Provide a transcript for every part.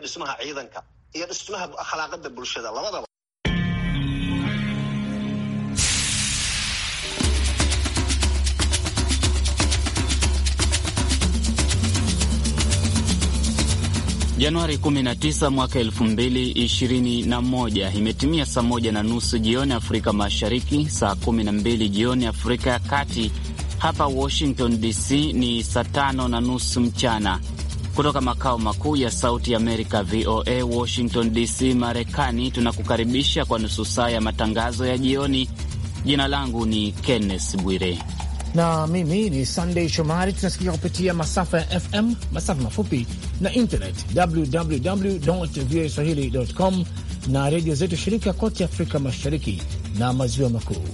dhismaha ciidanka iyo dhismaha akhlaaqada bulshada labadaba. Januari 19 mwaka 2021 imetimia saa moja na nusu jioni Afrika Mashariki, saa 12 jioni Afrika ya Kati. Hapa Washington DC ni saa tano na nusu mchana. Kutoka makao makuu ya Sauti Amerika, VOA Washington DC, Marekani, tunakukaribisha kwa nusu saa ya matangazo ya jioni. Jina langu ni Kenneth Bwire na mimi ni Sandey Shomari. tunasikika kupitia masafa ya FM, masafa mafupi na internet www voa swahili com na redio zetu shirika kote Afrika Mashariki na Maziwa Makuu.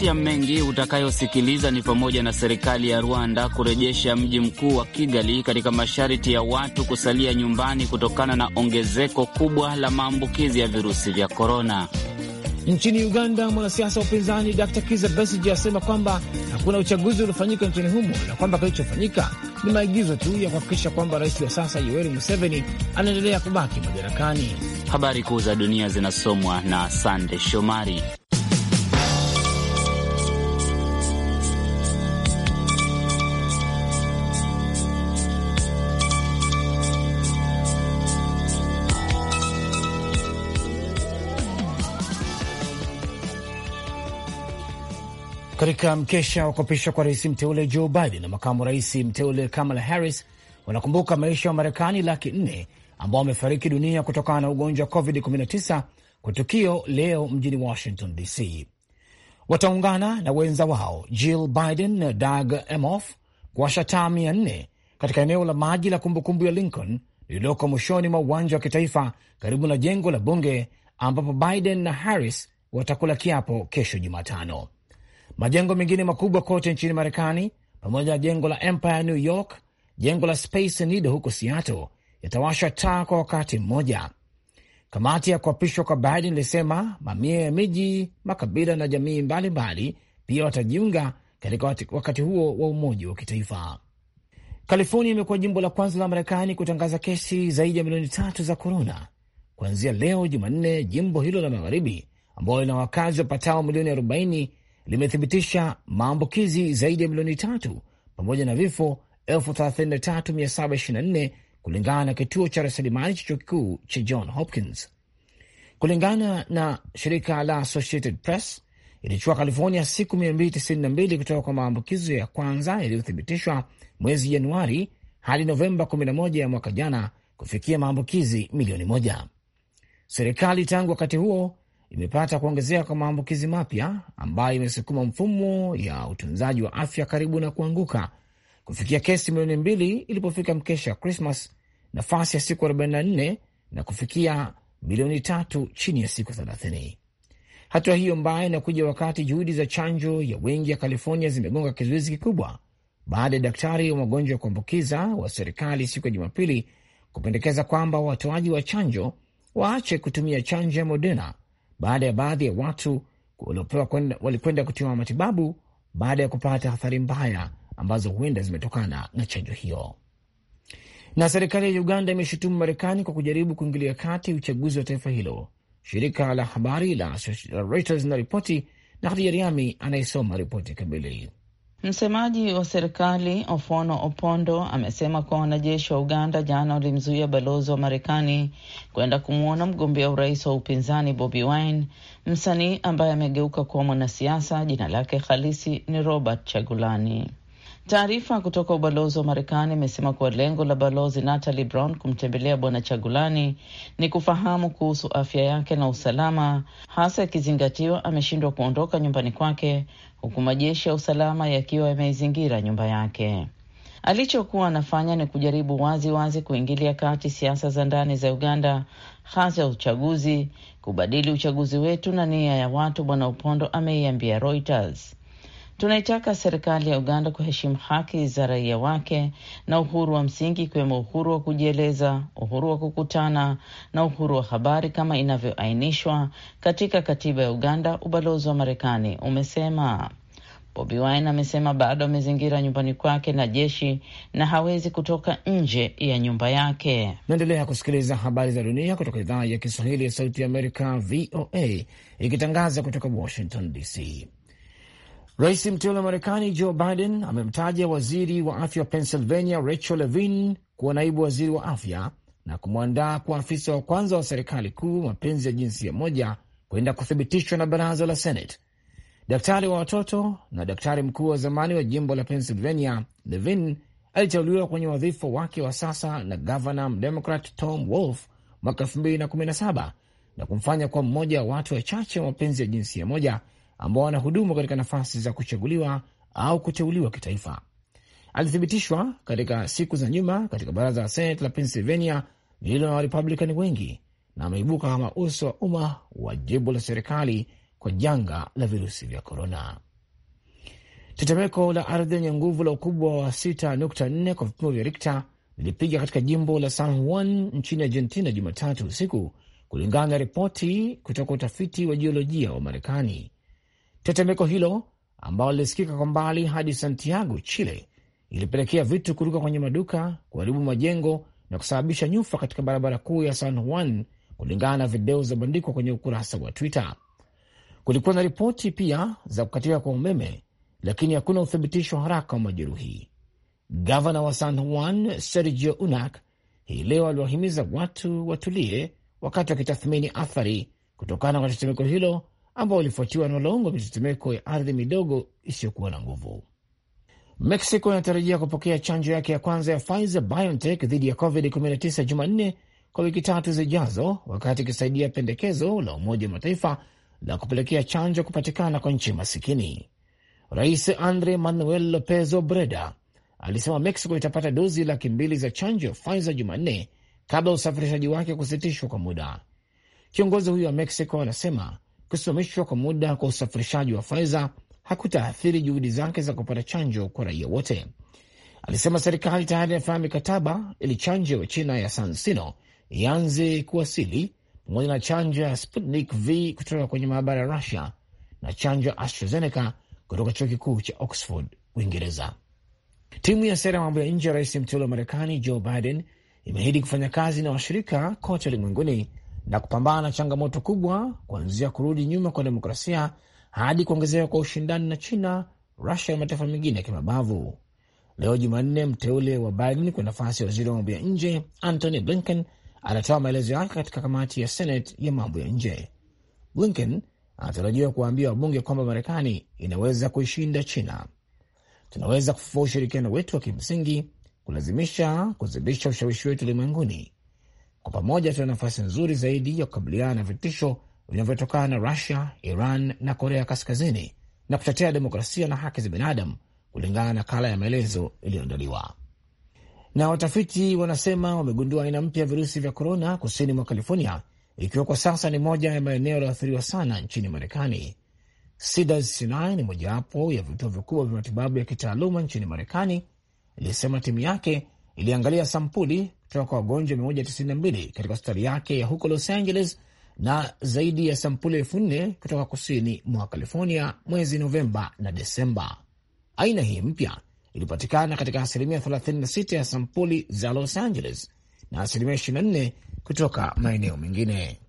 Kati ya mengi utakayosikiliza ni pamoja na serikali ya Rwanda kurejesha mji mkuu wa Kigali katika masharti ya watu kusalia nyumbani kutokana na ongezeko kubwa la maambukizi ya virusi vya korona. Nchini Uganda, mwanasiasa wa upinzani Dr Kiza Besige asema kwamba hakuna uchaguzi uliofanyika nchini humo na kwamba kilichofanyika ni maigizo tu ya kuhakikisha kwamba rais wa sasa Yoweri Museveni anaendelea kubaki madarakani. Habari kuu za dunia zinasomwa na Sande Shomari. Katika mkesha wa kuapishwa kwa rais mteule Joe Biden na makamu rais mteule Kamala Harris wanakumbuka maisha wa Marekani laki nne ambao wamefariki dunia kutokana na ugonjwa wa COVID-19 kwa tukio leo mjini Washington DC. Wataungana na wenza wao Jill Biden na Doug Emhoff kuwasha taa mia nne katika eneo la maji la kumbukumbu ya Lincoln lililoko mwishoni mwa uwanja wa kitaifa karibu na jengo la bunge ambapo Biden na Harris watakula kiapo kesho Jumatano. Majengo mengine makubwa kote nchini Marekani, pamoja na jengo la Empire New York, jengo la Space Needle huko Seattle yatawasha taa kwa wakati mmoja. Kamati ya kuapishwa kwa Biden ilisema mamia ya miji, makabila na jamii mbalimbali pia watajiunga katika wakati huo wa umoja wa kitaifa. California imekuwa jimbo la kwanza la Marekani kutangaza kesi zaidi ya milioni tatu za korona kuanzia leo Jumanne. Jimbo hilo la magharibi ambalo lina wakazi wapatao milioni 40 limethibitisha maambukizi zaidi ya milioni tatu pamoja na vifo 33724 kulingana na kituo cha rasilimali cha chuo kikuu cha John Hopkins. Kulingana na shirika la Associated Press, ilichukua California siku 292 kutoka kwa maambukizo ya kwanza yaliyothibitishwa mwezi Januari hadi Novemba 11 ya mwaka jana kufikia maambukizi milioni moja. Serikali tangu wakati huo imepata kuongezeka kwa maambukizi mapya ambayo imesukuma mfumo ya utunzaji wa afya karibu na kuanguka kufikia kesi milioni mbili ilipofika mkesha wa Krismas, nafasi ya siku 44 na kufikia milioni tatu chini ya siku 30. Hatua hiyo mbaya inakuja wakati juhudi za chanjo ya wengi ya California zimegonga kizuizi kikubwa baada ya daktari wa magonjwa ya kuambukiza wa serikali siku ya Jumapili kupendekeza kwamba watoaji wa chanjo waache kutumia chanjo ya Moderna baada ya baadhi ya watu walikwenda kutiwa matibabu baada ya kupata athari mbaya ambazo huenda zimetokana na chanjo hiyo. Na serikali ya Uganda imeshutumu Marekani kwa kujaribu kuingilia kati uchaguzi wa taifa hilo. Shirika la habari la Reuters linaripoti na Khadija Riami anayesoma ripoti kamili. Msemaji wa serikali Ofono Opondo amesema kuwa wanajeshi wa Uganda jana walimzuia balozi wa Marekani kwenda kumwona mgombea urais wa upinzani Bobi Wine, msanii ambaye amegeuka kuwa mwanasiasa. Jina lake halisi ni Robert Chagulani. Taarifa kutoka ubalozi wa Marekani imesema kuwa lengo la balozi Natalie Brown kumtembelea bwana Chagulani ni kufahamu kuhusu afya yake na usalama, hasa ikizingatiwa ameshindwa kuondoka nyumbani kwake huku majeshi ya usalama yakiwa yameizingira nyumba yake. Alichokuwa anafanya ni kujaribu wazi wazi kuingilia kati siasa za ndani za Uganda, hasa uchaguzi, kubadili uchaguzi wetu na nia ya watu, Bwana Upondo ameiambia Reuters. Tunaitaka serikali ya Uganda kuheshimu haki za raia wake na uhuru wa msingi ikiwemo uhuru wa kujieleza, uhuru wa kukutana na uhuru wa habari kama inavyoainishwa katika katiba ya Uganda, ubalozi wa Marekani umesema. Bobi Wine amesema bado amezingira nyumbani kwake na jeshi na hawezi kutoka nje ya nyumba yake. Naendelea kusikiliza habari za dunia kutoka idhaa ya Kiswahili ya Sauti ya Amerika, VOA, ikitangaza kutoka Washington DC. Rais mteule wa Marekani Joe Biden amemtaja waziri wa afya wa Pennsylvania Rachel levin kuwa naibu waziri wa afya na kumwandaa kuwa afisa wa kwanza wa serikali kuu mapenzi ya jinsia moja kwenda kuthibitishwa na baraza la Senate. Daktari wa watoto na daktari mkuu wa zamani wa jimbo la Pennsylvania, Levin aliteuliwa kwenye wadhifa wake wa sasa na gavana mdemokrat Tom Wolf mwaka 2017 na kumfanya kuwa mmoja wa watu wachache wa mapenzi ya jinsia moja ambao wanahudumu katika nafasi za kuchaguliwa au kuteuliwa kitaifa. Alithibitishwa katika siku za nyuma katika baraza la seneti la Pennsylvania lililo na Warepublican wengi na ameibuka kama uso wa umma wa jibu la serikali kwa janga la virusi vya korona. Tetemeko la ardhi lenye nguvu la ukubwa wa 6.4 kwa vipimo vya Rikta lilipiga katika jimbo la San Juan nchini Argentina Jumatatu usiku, kulingana na ripoti kutoka utafiti wa jiolojia wa Marekani. Tetemeko hilo ambalo lilisikika kwa mbali hadi Santiago, Chile, ilipelekea vitu kuruka kwenye maduka, kuharibu majengo na kusababisha nyufa katika barabara kuu ya San Juan, kulingana na video zilizobandikwa kwenye ukurasa wa Twitter. Kulikuwa na ripoti pia za kukatika kwa umeme, lakini hakuna uthibitisho haraka wa majeruhi. Gavana wa San Juan Sergio Unac hii leo aliwahimiza watu watulie wakati wakitathmini athari kutokana kwa tetemeko hilo ambao ulifuatiwa na malongo wa mitetemeko ya ardhi midogo isiyokuwa na nguvu. Mexico inatarajia kupokea chanjo yake ya kwanza ya Pfizer BioNTech dhidi ya COVID-19 Jumanne kwa wiki tatu zijazo, wakati ikisaidia pendekezo la Umoja wa Mataifa la kupelekea chanjo kupatikana kwa nchi masikini. Rais Andre Manuel Lopez Obreda alisema Mexico itapata dozi laki mbili za chanjo ya Pfizer Jumanne kabla usafirishaji wake kusitishwa kwa muda. Kiongozi huyo wa Mexico anasema kusimamishwa kwa muda kwa usafirishaji wa Pfizer hakutaathiri juhudi zake za kupata chanjo kwa raia wote. Alisema serikali tayari inafanya mikataba ili chanjo ya China ya Sansino ianze kuwasili pamoja na chanjo ya Sputnik V kutoka kwenye maabara ya Rusia na chanjo ya AstraZeneca kutoka chuo kikuu cha Oxford, Uingereza. Timu ya sera ya mambo ya nje ya rais mteule wa Marekani Joe Biden imeahidi kufanya kazi na washirika kote ulimwenguni na kupambana na changamoto kubwa kuanzia kurudi nyuma kwa demokrasia hadi kuongezeka kwa ushindani na China, Rusia na mataifa mengine ya kimabavu. Leo Jumanne, mteule wa Biden kwa nafasi ya waziri wa mambo ya nje Antony Blinken anatoa maelezo yake katika kamati ya Senate ya mambo ya nje. Blinken anatarajiwa kuwaambia wabunge kwamba Marekani inaweza kuishinda China. Tunaweza kufufua ushirikiano wetu wa kimsingi, kulazimisha kuzidisha ushawishi wetu ulimwenguni kwa pamoja tuna nafasi nzuri zaidi ya kukabiliana na vitisho vinavyotokana na Rusia, Iran na Korea Kaskazini na kutetea demokrasia na haki za binadamu, kulingana na kala ya maelezo iliyoandaliwa na watafiti. Wanasema wamegundua aina mpya ya virusi vya korona kusini mwa California, ikiwa kwa sasa ni moja ya maeneo yaliyoathiriwa sana nchini Marekani. Cedars Sinai ni mojawapo ya vituo vikubwa vya matibabu ya kitaaluma nchini Marekani, ilisema timu yake iliangalia sampuli kutoka kwa wagonjwa 192 katika hospitali yake ya huko Los Angeles na zaidi ya sampuli elfu nne kutoka kusini mwa California mwezi Novemba na Desemba. Aina hii mpya ilipatikana katika asilimia 36 ya sampuli za Los Angeles na asilimia 24 kutoka maeneo mengine.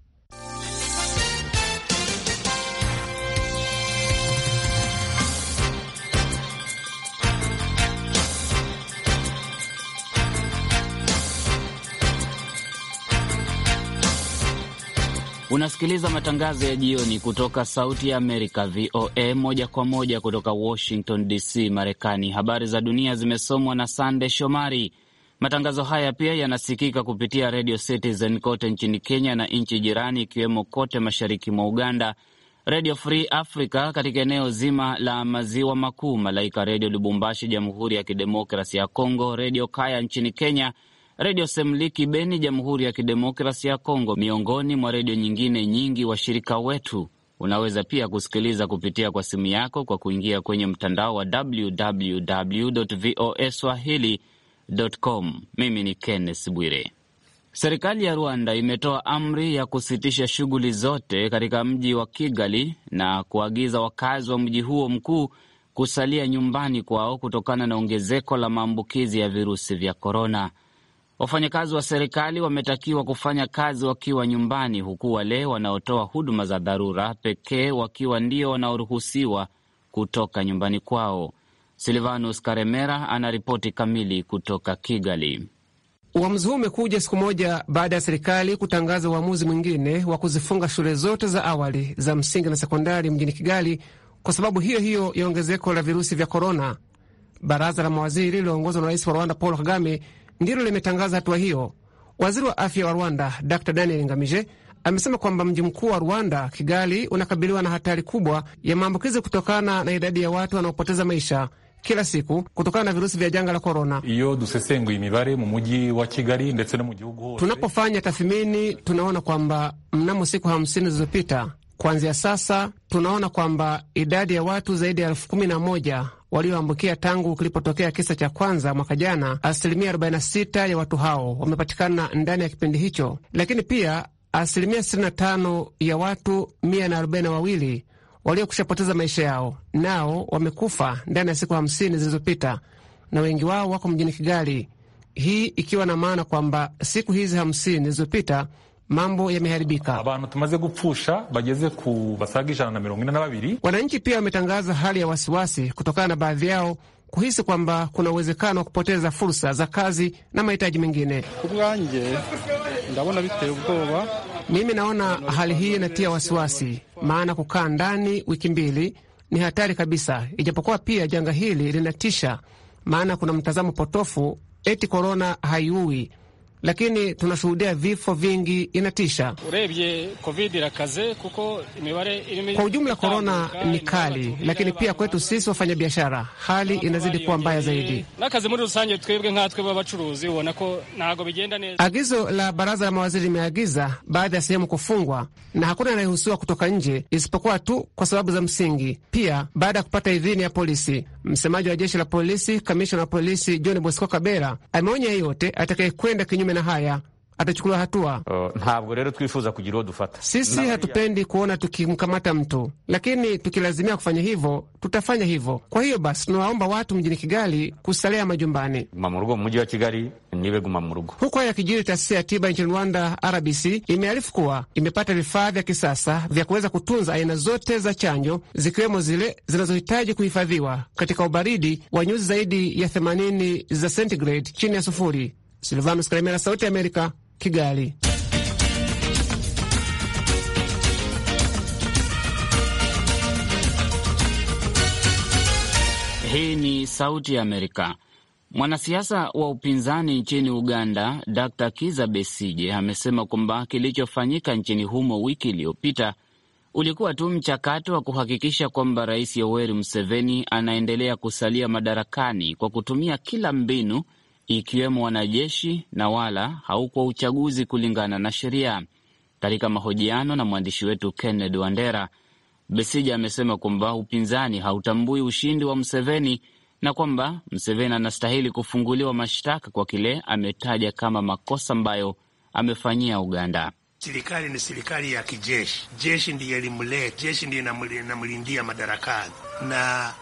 Unasikiliza matangazo ya jioni kutoka Sauti ya Amerika, VOA, moja kwa moja kutoka Washington DC, Marekani. Habari za dunia zimesomwa na Sande Shomari. Matangazo haya pia yanasikika kupitia Redio Citizen kote nchini Kenya na nchi jirani, ikiwemo kote mashariki mwa Uganda, redio Free Africa katika eneo zima la maziwa makuu, Malaika Redio Lubumbashi, Jamhuri ya Kidemokrasi ya congo Redio Kaya nchini Kenya, Redio Semliki Beni, Jamhuri ya Kidemokrasi ya Kongo, miongoni mwa redio nyingine nyingi washirika wetu. Unaweza pia kusikiliza kupitia kwa simu yako kwa kuingia kwenye mtandao wa www voa swahili.com. Mimi ni Kenneth Bwire. Serikali ya Rwanda imetoa amri ya kusitisha shughuli zote katika mji wa Kigali na kuagiza wakazi wa mji huo mkuu kusalia nyumbani kwao kutokana na ongezeko la maambukizi ya virusi vya korona. Wafanyakazi wa serikali wametakiwa kufanya kazi wakiwa nyumbani, huku wale wanaotoa huduma za dharura pekee wakiwa ndio wanaoruhusiwa kutoka nyumbani kwao. Silvanus Karemera ana ripoti kamili kutoka Kigali. Uamuzi huu umekuja siku moja baada ya serikali kutangaza uamuzi mwingine wa kuzifunga shule zote za awali za msingi na sekondari mjini Kigali kwa sababu hiyo hiyo ya ongezeko la virusi vya korona. Baraza la mawaziri lililoongozwa na rais wa Rwanda Paul Kagame ndilo limetangaza hatua hiyo. Waziri wa afya wa Rwanda Dr Daniel Ngamije amesema kwamba mji mkuu wa Rwanda, Kigali, unakabiliwa na hatari kubwa ya maambukizi kutokana na idadi ya watu wanaopoteza maisha kila siku kutokana na virusi vya janga la korona. Tunapofanya tathmini, tunaona kwamba mnamo siku hamsini zilizopita kuanzia sasa, tunaona kwamba idadi ya watu zaidi ya elfu kumi na moja walioambukia tangu kilipotokea kisa cha kwanza mwaka jana, asilimia 46 ya watu hao wamepatikana ndani ya kipindi hicho, lakini pia asilimia 65 ya watu 142 waliokushapoteza maisha yao nao wamekufa ndani ya siku 50 zilizopita, na wengi wao wako mjini Kigali, hii ikiwa na maana kwamba siku hizi 50 zilizopita mambo yameharibika. abantu tumaze gupfusha bageze ku basaga ijana na mirongo ine na babiri. Wananchi pia wametangaza hali ya wasiwasi kutokana na baadhi yao kuhisi kwamba kuna uwezekano wa kupoteza fursa za kazi na mahitaji mengine. kubwanje ndabona biteye ubwoba. Mimi naona hali hii inatia wasiwasi, maana kukaa ndani wiki mbili ni hatari kabisa, ijapokuwa pia janga hili linatisha, maana kuna mtazamo potofu eti korona haiui lakini tunashuhudia vifo vingi, inatisha. Kwa ujumla, korona ni kali, lakini pia kwetu sisi wafanyabiashara hali inazidi kuwa mbaya zaidi. Agizo la baraza la mawaziri limeagiza baadhi ya sehemu kufungwa na hakuna anayeruhusiwa kutoka nje isipokuwa tu kwa sababu za msingi, pia baada ya kupata idhini ya polisi. Msemaji wa jeshi la polisi, kamishna wa polisi John Bosco Kabera, ameonya yeyote atakayekwenda kinyume na haya atachukuliwa hatua. Uh, ntabwo rero twifuza kugira uwo dufata. Sisi hatupendi kuona tukimkamata mtu, lakini tukilazimia kufanya hivyo tutafanya hivyo. Kwa hiyo basi, tunawaomba watu mjini Kigali kusalia majumbani, mamurugo mji wa Kigali niwe guma murugo. Huku haya kijiri, taasisi ya tiba nchini Rwanda RBC imearifu kuwa imepata vifaa vya kisasa vya kuweza kutunza aina zote za chanjo zikiwemo zile zinazohitaji kuhifadhiwa katika ubaridi wa nyuzi zaidi ya 80 za sentigrade, chini ya sufuri. Silvanus Kalemera, Sauti ya Amerika, Kigali. Hii ni Sauti ya Amerika. Mwanasiasa wa upinzani nchini Uganda, Dr Kiza Besije, amesema kwamba kilichofanyika nchini humo wiki iliyopita ulikuwa tu mchakato wa kuhakikisha kwamba Rais Yoweri Museveni anaendelea kusalia madarakani kwa kutumia kila mbinu ikiwemo wanajeshi na wala haukuwa uchaguzi kulingana na sheria. Katika mahojiano na mwandishi wetu Kenneth Wandera, Besija amesema kwamba upinzani hautambui ushindi wa Mseveni na kwamba Mseveni anastahili kufunguliwa mashtaka kwa kile ametaja kama makosa ambayo amefanyia Uganda. Serikali ni serikali ya kijeshi, jeshi ndiyo jeshi ndiye namlindia madarakani na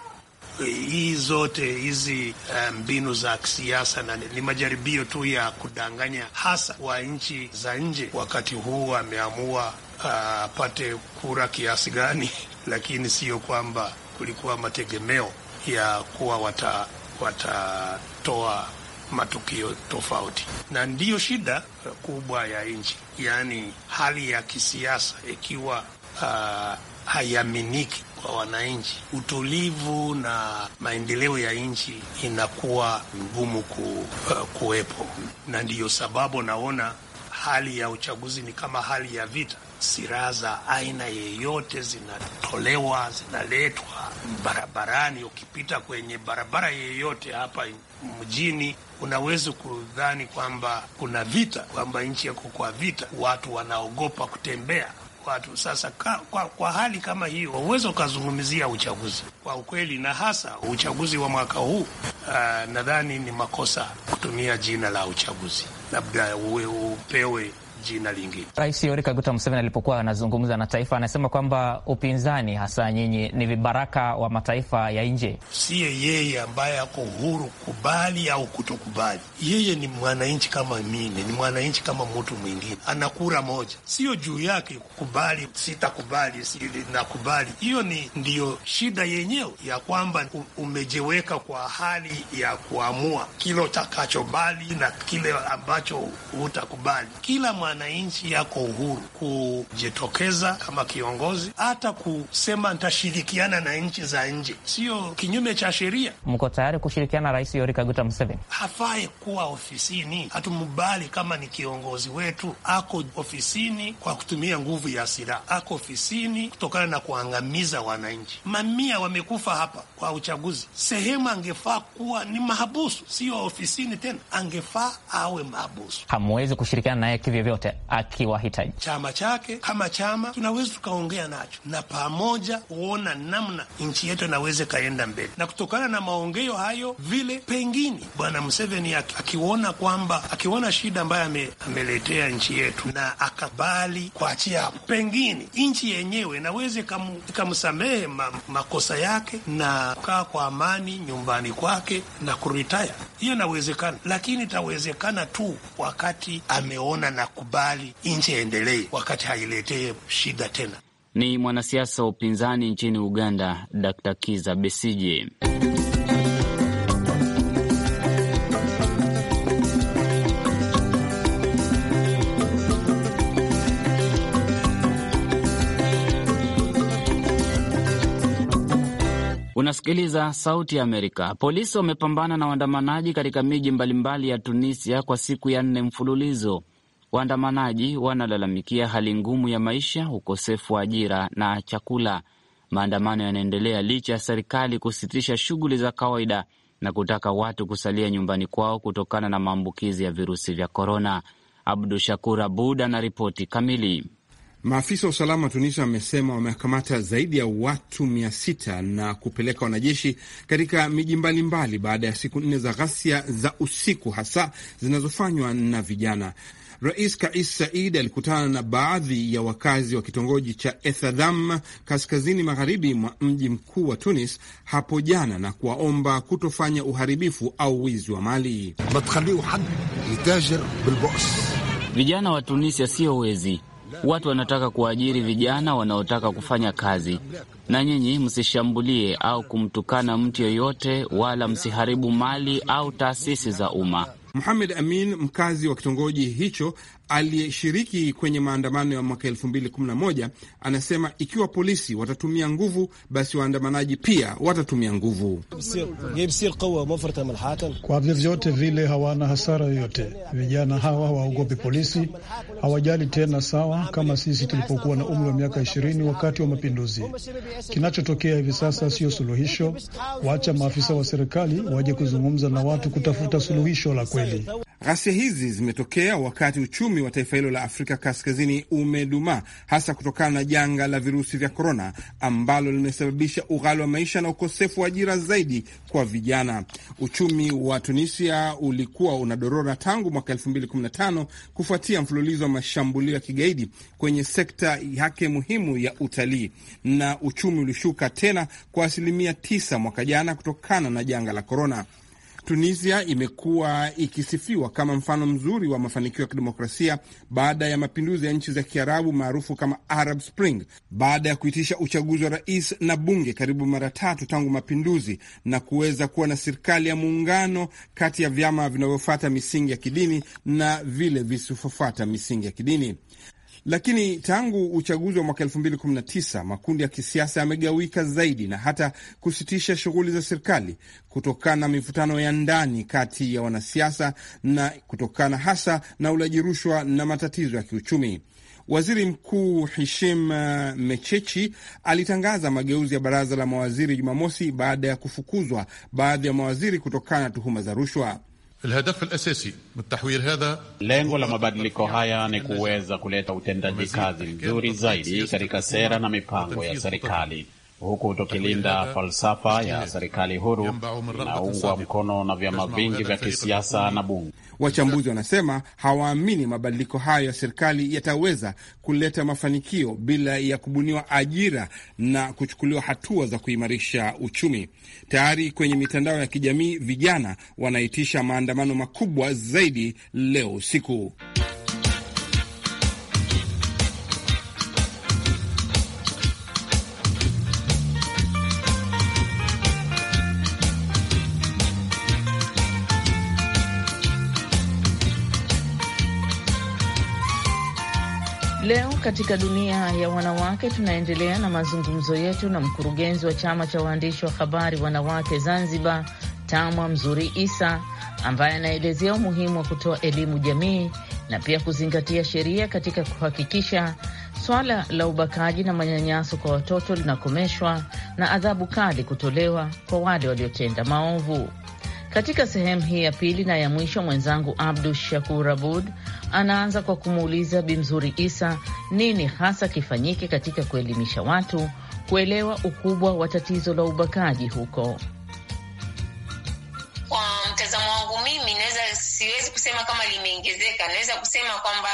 hii zote hizi eh, mbinu um, za kisiasa na ni majaribio tu ya kudanganya hasa wa nchi za nje. Wakati huu ameamua eh, apate uh, kura kiasi gani, lakini sio kwamba kulikuwa mategemeo ya kuwa wata watatoa matukio tofauti, na ndiyo shida eh, kubwa ya nchi, yaani hali ya kisiasa ikiwa uh, haiaminiki kwa wananchi, utulivu na maendeleo ya nchi inakuwa ngumu ku, uh, kuwepo, na ndiyo sababu naona hali ya uchaguzi ni kama hali ya vita. Silaha za aina yeyote zinatolewa, zinaletwa barabarani. Ukipita kwenye barabara yeyote hapa mjini, unaweza kudhani kwamba kuna vita, kwamba nchi yako kwa vita. Watu wanaogopa kutembea watu. Sasa ka, kwa, kwa hali kama hiyo uwezo ukazungumzia uchaguzi kwa ukweli, na hasa uchaguzi wa mwaka huu uh, nadhani ni makosa kutumia jina la uchaguzi, labda upewe jina lingine. Rais Yoweri Kaguta Museveni alipokuwa anazungumza na taifa, anasema kwamba upinzani, hasa nyinyi, ni vibaraka wa mataifa ya nje. Siye yeye ambaye ako huru kubali au kutokubali. Yeye ni mwananchi kama mine ni mwananchi kama mtu mwingine, ana kura moja, sio juu yake kukubali, sitakubali, nakubali. Hiyo ni ndiyo shida yenyewe ya kwamba umejeweka kwa hali ya kuamua kile utakachobali na kile ambacho hutakubali. Kila mwananchi yako uhuru kujitokeza kama kiongozi, hata kusema ntashirikiana na nchi za nje, sio kinyume cha sheria. Mko tayari kushirikiana na Rais Yoweri Kaguta Museveni? Hafai kuwa ofisini, hatumubali kama ni kiongozi wetu. Ako ofisini kwa kutumia nguvu ya silaha, ako ofisini kutokana na kuangamiza wananchi. Mamia wamekufa hapa kwa uchaguzi. Sehemu angefaa kuwa ni mahabusu, sio ofisini tena, angefaa awe mahabusu. Hamwezi kushirikiana naye kivyovyote yoyote akiwahitaji. Chama chake kama chama tunaweza tukaongea nacho na pamoja kuona namna nchi yetu inaweza ikaenda mbele, na kutokana na maongeo hayo, vile pengine Bwana Museveni akiona kwamba akiona shida ambayo ameletea nchi yetu na akabali kuachia hapo, pengine nchi yenyewe inaweza ikamsamehe ma, makosa yake na kukaa kwa amani nyumbani kwake na kuritaya. Hiyo inawezekana, lakini itawezekana tu wakati ameona na ku kukubali nchi yaendelee wakati hailetee shida tena. Ni mwanasiasa wa upinzani nchini Uganda, Dr Kiza Besije. Unasikiliza Sauti ya Amerika. Polisi wamepambana na waandamanaji katika miji mbalimbali ya Tunisia kwa siku ya nne mfululizo. Waandamanaji wanalalamikia hali ngumu ya maisha, ukosefu wa ajira na chakula. Maandamano yanaendelea licha ya serikali kusitisha shughuli za kawaida na kutaka watu kusalia nyumbani kwao kutokana na maambukizi ya virusi vya korona. Abdu Shakur Abud ana ripoti kamili. Maafisa wa usalama wa Tunisia wamesema wamekamata zaidi ya watu mia sita na kupeleka wanajeshi katika miji mbalimbali baada ya siku nne za ghasia za usiku hasa zinazofanywa na vijana. Rais Kais Said alikutana na baadhi ya wakazi wa kitongoji cha Ethadham kaskazini magharibi mwa mji mkuu wa Tunis hapo jana na kuwaomba kutofanya uharibifu au wizi wa mali. Vijana wa Tunisia sio wezi. Watu wanataka kuajiri vijana wanaotaka kufanya kazi. Na nyinyi msishambulie au kumtukana mtu yoyote, wala msiharibu mali au taasisi za umma. Muhamed Amin, mkazi wa kitongoji hicho aliyeshiriki kwenye maandamano ya mwaka elfu mbili kumi na moja, anasema ikiwa polisi watatumia nguvu, basi waandamanaji pia watatumia nguvu. Kwa vyovyote vile, hawana hasara yoyote. Vijana hawa hawaogopi polisi, hawajali tena, sawa kama sisi tulipokuwa na umri wa miaka ishirini wakati wa mapinduzi. Kinachotokea hivi sasa sio suluhisho. Wacha maafisa wa serikali waje kuzungumza na watu kutafuta suluhisho la kwe kweli. Ghasia hizi zimetokea wakati uchumi wa taifa hilo la Afrika Kaskazini umedumaa, hasa kutokana na janga la virusi vya korona ambalo limesababisha ughali wa maisha na ukosefu wa ajira zaidi kwa vijana. Uchumi wa Tunisia ulikuwa unadorora tangu mwaka 2015 kufuatia mfululizo wa mashambulio ya kigaidi kwenye sekta yake muhimu ya utalii, na uchumi ulishuka tena kwa asilimia 9 mwaka jana kutokana na janga la korona. Tunisia imekuwa ikisifiwa kama mfano mzuri wa mafanikio ya kidemokrasia baada ya mapinduzi ya nchi za Kiarabu maarufu kama Arab Spring, baada ya kuitisha uchaguzi wa rais na bunge karibu mara tatu tangu mapinduzi na kuweza kuwa na serikali ya muungano kati ya vyama vinavyofuata misingi ya kidini na vile visivyofuata misingi ya kidini. Lakini tangu uchaguzi wa mwaka tisa makundi ya kisiasa yamegawika zaidi na hata kusitisha shughuli za serikali kutokana na mivutano ya ndani kati ya wanasiasa na kutokana hasa na ulaji rushwa na matatizo ya kiuchumi. Waziri Mkuu Hishim uh, Mechechi alitangaza mageuzi ya baraza la mawaziri Jumamosi baada ya kufukuzwa baadhi ya mawaziri kutokana na tuhuma za rushwa. Lengo la mabadiliko haya ni kuweza kuleta utendaji kazi mzuri zaidi katika sera na mipango ya serikali. huku tukilinda falsafa ya serikali huru inaungwa mkono na vyama vingi vya kisiasa na bunge. Wachambuzi wanasema hawaamini mabadiliko hayo ya serikali yataweza kuleta mafanikio bila ya kubuniwa ajira na kuchukuliwa hatua za kuimarisha uchumi. Tayari kwenye mitandao ya kijamii vijana wanaitisha maandamano makubwa zaidi leo usiku. Leo katika dunia ya wanawake, tunaendelea na mazungumzo yetu na mkurugenzi wa chama cha waandishi wa habari wanawake Zanzibar, Tamwa Mzuri Isa, ambaye anaelezea umuhimu wa kutoa elimu jamii na pia kuzingatia sheria katika kuhakikisha swala la ubakaji na manyanyaso kwa watoto linakomeshwa na adhabu kali kutolewa kwa wale waliotenda maovu. Katika sehemu hii ya pili na ya mwisho, mwenzangu Abdu Shakur Abud anaanza kwa kumuuliza Bimzuri Isa nini hasa kifanyike katika kuelimisha watu kuelewa ukubwa wa tatizo la ubakaji huko. Kwa mtazamo wangu mimi, naweza siwezi kusema kama limeongezeka, naweza kusema kwamba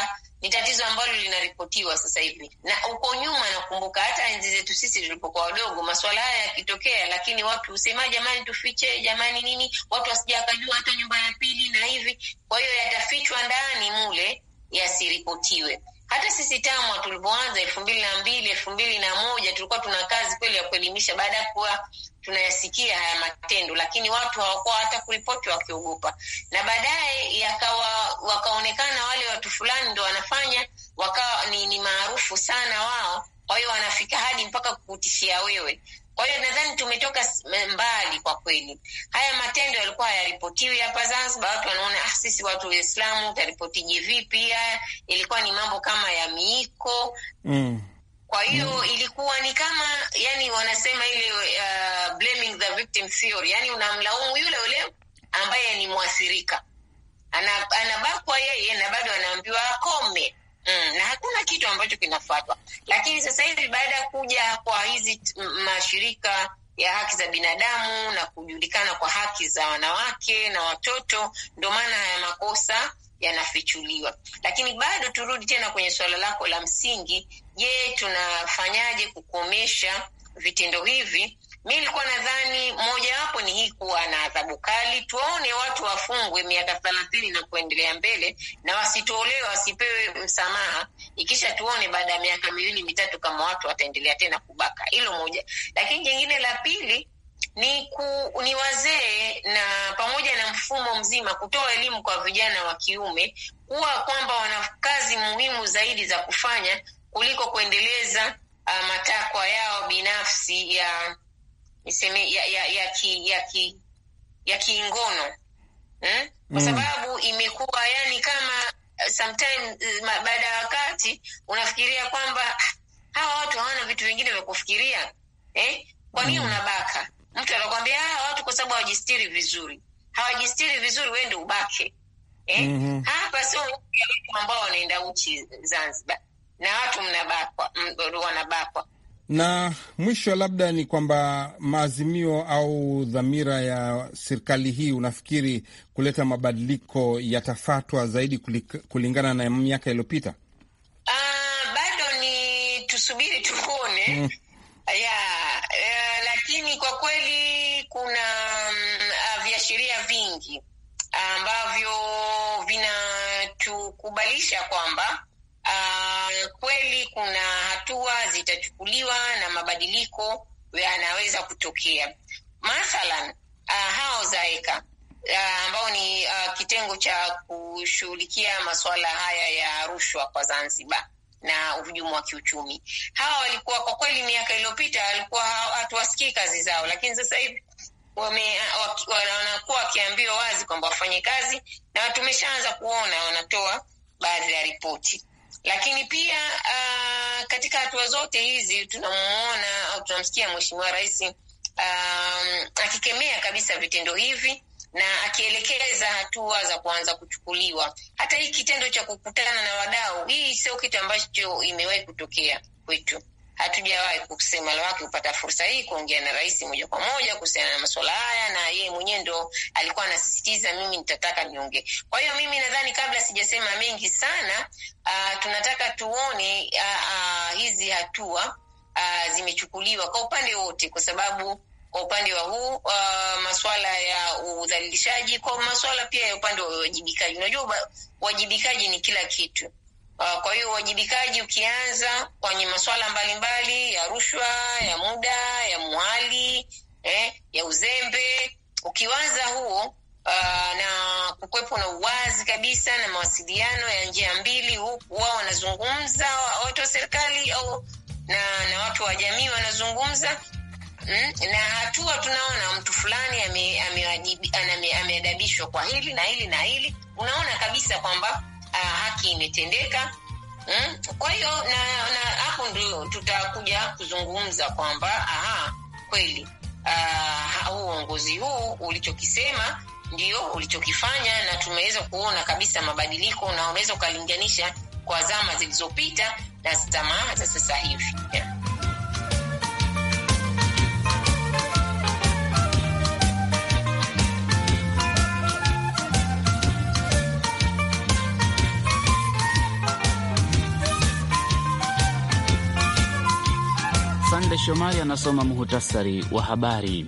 ni tatizo ambalo linaripotiwa sasa hivi, na uko nyuma, nakumbuka hata enzi zetu sisi tulipokuwa wadogo, maswala haya yakitokea, lakini watu husema jamani, tufiche jamani, nini, watu wasija wakajua hata nyumba ya pili na hivi. Kwa hiyo yatafichwa ndani mule, yasiripotiwe. Hata sisi TAMWA tulivyoanza elfu mbili na mbili elfu mbili na moja tulikuwa tuna kazi kweli ya kuelimisha, baada ya kuwa tunayasikia haya matendo, lakini watu hawakuwa hata kuripoti wakiogopa, na baadaye yakawa wakaonekana wale watu fulani ndo wanafanya, wakawa ni, ni maarufu sana wao, kwa hiyo wanafika hadi mpaka kukutishia wewe. Kwa hiyo nadhani tumetoka mbali kwa kweli. Haya matendo yalikuwa hayaripotiwi hapa Zanzibar, watu wanaona ah, sisi watu Waislamu utaripotije vipi? Haya ilikuwa ni mambo kama ya miiko mm. Kwa hiyo mm, ilikuwa ni kama yani wanasema ile uh, blaming the victim theory, yani unamlaumu yule yule ambaye ni mwathirika, anabakwa yeye na bado anaambiwa akome. Mm, na hakuna kitu ambacho kinafuatwa. Lakini sasa hivi baada ya kuja kwa hizi mashirika ya haki za binadamu na kujulikana kwa haki za wanawake na watoto, ndio maana haya makosa yanafichuliwa. Lakini bado turudi tena kwenye suala lako la msingi je, tunafanyaje kukomesha vitendo hivi? Mi nilikuwa nadhani mojawapo ni hii kuwa na adhabu kali, tuwaone watu wafungwe miaka thelathini na kuendelea mbele, na wasitolewe, wasipewe msamaha, ikisha tuone baada ya miaka miwili mitatu kama watu wataendelea tena kubaka. Hilo moja, lakini jingine la pili ni, ku, ni wazee na pamoja na mfumo mzima kutoa elimu kwa vijana wa kiume kuwa kwamba wana kazi muhimu zaidi za kufanya kuliko kuendeleza uh, matakwa yao binafsi ya niseme ya ya ya ki, ya, ki, ya kiingono hmm? Kwa mm. sababu mm. imekuwa yani kama uh, sometime uh, baada ya wakati unafikiria kwamba hawa watu hawana vitu vingine vya kufikiria eh? Kwa nini mm. unabaka? Mtu anakwambia hawa ah, watu kwa sababu hawajistiri vizuri, hawajistiri vizuri, wende ubake eh? mm -hmm. Hapa sio ambao wanaenda uchi Zanzibar na watu mnabakwa, wanabakwa. Na mwisho labda ni kwamba maazimio au dhamira ya serikali hii, unafikiri kuleta mabadiliko yatafatwa zaidi kulingana na miaka iliyopita? Uh, bado ni tusubiri tuone. mm. yeah, uh, lakini kwa kweli kuna uh, viashiria vingi ambavyo uh, vinatukubalisha kwamba uh, kweli kuna hatua zitachukuliwa na mabadiliko yanaweza kutokea. Mathalan uh, hao zaeka ah, ambao ni uh, kitengo cha kushughulikia masuala haya ya rushwa kwa Zanzibar na uhujumu wa kiuchumi. Hawa walikuwa kwa kweli, miaka iliyopita walikuwa hatuwasikii kazi zao, lakini sasa hivi wanakuwa wakiambiwa wazi kwamba wafanye kazi, na tumeshaanza kuona wanatoa baadhi ya ripoti. Lakini pia uh, katika hatua zote hizi tunamwona au tunamsikia Mheshimiwa Rais um, akikemea kabisa vitendo hivi na akielekeza hatua za kuanza kuchukuliwa. Hata hii kitendo cha kukutana na wadau, hii sio kitu ambacho imewahi kutokea kwetu hatujawahi kusema lawake kupata fursa hii kuongea na rais moja kwa moja kuhusiana na masuala haya, na yeye mwenyewe ndo alikuwa anasisitiza mimi nitataka niongee. Kwa hiyo mimi nadhani kabla sijasema mengi sana, uh, tunataka tuone uh, uh, hizi hatua uh, zimechukuliwa kwa upande wote, kwa sababu kwa upande wa huu uh, masuala ya udhalilishaji, kwa masuala pia ya upande wa uwajibikaji. Unajua uwajibikaji ni kila kitu Uh, kwa hiyo uwajibikaji ukianza kwenye masuala mbalimbali ya rushwa, ya muda, ya mwali eh, ya uzembe, ukiwaza huo Uh, na kukwepo na uwazi kabisa na mawasiliano ya njia mbili, huku wao wanazungumza watu wa serikali au na, na watu wa jamii wanazungumza mm, na hatua tunaona mtu fulani ameadabishwa ame, ame, ame kwa hili na hili na hili, unaona kabisa kwamba uh, haki imetendeka mm. Kwa hiyo na hapo ndio tutakuja kuzungumza kwamba aha, kweli uh, huu uh, uongozi huu ulichokisema ndio ulichokifanya na tumeweza kuona kabisa mabadiliko, na unaweza ukalinganisha kwa zama zilizopita na zama za sasa hivi yeah. Sande Shomari anasoma muhutasari wa habari.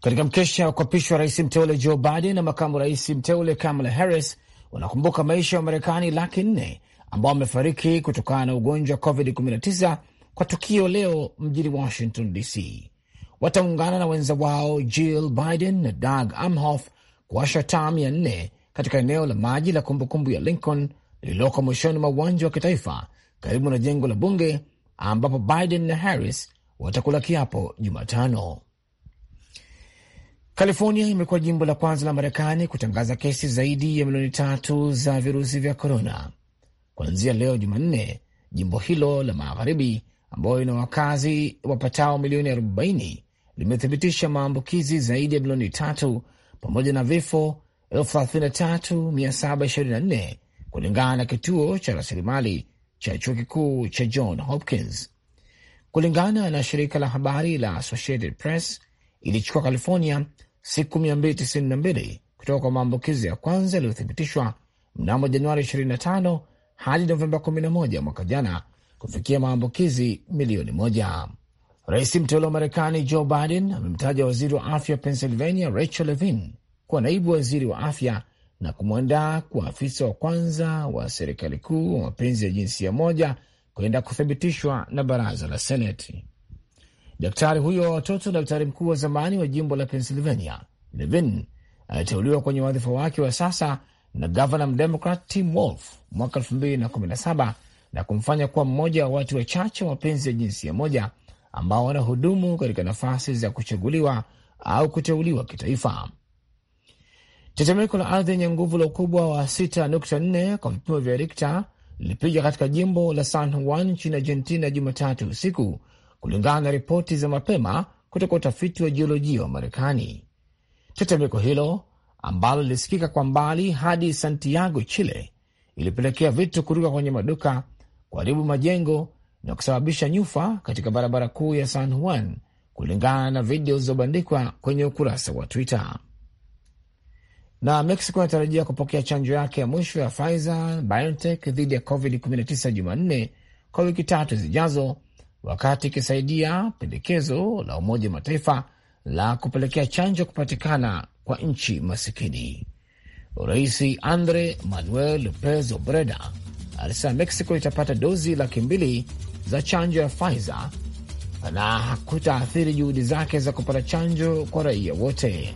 Katika mkesha wa kuapishwa rais mteule Joe Biden na makamu rais mteule Kamala Harris wanakumbuka maisha ya Wamarekani laki nne ambao wamefariki kutokana na ugonjwa wa COVID-19 kwa tukio leo mjini Washington DC. Wataungana na wenza wao Jill Biden na Doug Amhoff kuwasha tam ya nne katika eneo la maji la kumbukumbu kumbu ya Lincoln lililoko mwishoni mwa uwanja wa kitaifa karibu na jengo la bunge ambapo Biden na Harris watakula kiapo Jumatano. California imekuwa jimbo la kwanza la Marekani kutangaza kesi zaidi ya milioni tatu za virusi vya korona. Kuanzia leo Jumanne, jimbo hilo la magharibi ambayo ina wakazi wapatao milioni 40 limethibitisha maambukizi zaidi ya milioni tatu pamoja na vifo 33724 kulingana na kituo cha rasilimali cha chuo kikuu cha John Hopkins. Kulingana na shirika la habari la Associated Press, ilichukua California siku 292 kutoka kwa maambukizi ya kwanza yaliyothibitishwa mnamo Januari 25 hadi Novemba 11 mwaka jana kufikia maambukizi milioni moja. Rais mteule wa Marekani Joe Biden amemtaja waziri wa afya Pennsylvania Rachel Levin kwa naibu waziri wa afya na kumwandaa kwa afisa wa kwanza wa serikali kuu wa mapenzi ya jinsia moja kwenda kuthibitishwa na baraza la Seneti. Daktari huyo wa watoto daktari mkuu wa zamani wa jimbo la Pennsylvania, Levin, aliteuliwa kwenye wadhifa wake wa sasa na gavana mdemokrat Tim Wolf mwaka 2017 na kumfanya kuwa mmoja wa watu wachache wa mapenzi ya jinsia moja ambao wanahudumu katika nafasi za kuchaguliwa au kuteuliwa kitaifa. Tetemeko la ardhi yenye nguvu la ukubwa wa 6.4 kwa vipimo vya Rikta lilipiga katika jimbo la San Juan nchini Argentina Jumatatu usiku, kulingana na ripoti za mapema kutoka utafiti wa jiolojia wa Marekani. Tetemeko hilo ambalo lilisikika kwa mbali hadi Santiago, Chile, ilipelekea vitu kuruka kwenye maduka, kuharibu majengo na kusababisha nyufa katika barabara kuu ya San Juan, kulingana na video zilizobandikwa kwenye ukurasa wa Twitter na Mexico inatarajia kupokea chanjo yake ya mwisho ya Pfizer BioNTech dhidi ya COVID-19 Jumanne kwa wiki tatu zijazo, wakati ikisaidia pendekezo la Umoja wa Mataifa la kupelekea chanjo kupatikana kwa nchi masikini. Rais Andre Manuel Lopez Obreda alisema Mexico itapata dozi laki mbili za chanjo ya Pfizer na hakutaathiri juhudi zake za kupata chanjo kwa raia wote.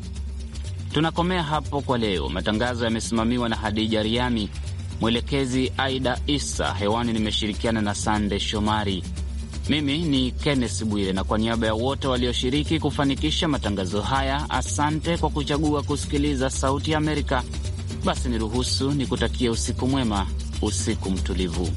Tunakomea hapo kwa leo. Matangazo yamesimamiwa na Hadija Riami, mwelekezi Aida Issa. Hewani nimeshirikiana na Sande Shomari. Mimi ni Kenneth Bwire, na kwa niaba ya wote walioshiriki kufanikisha matangazo haya, asante kwa kuchagua kusikiliza Sauti ya Amerika. Basi niruhusu nikutakie usiku mwema, usiku mtulivu.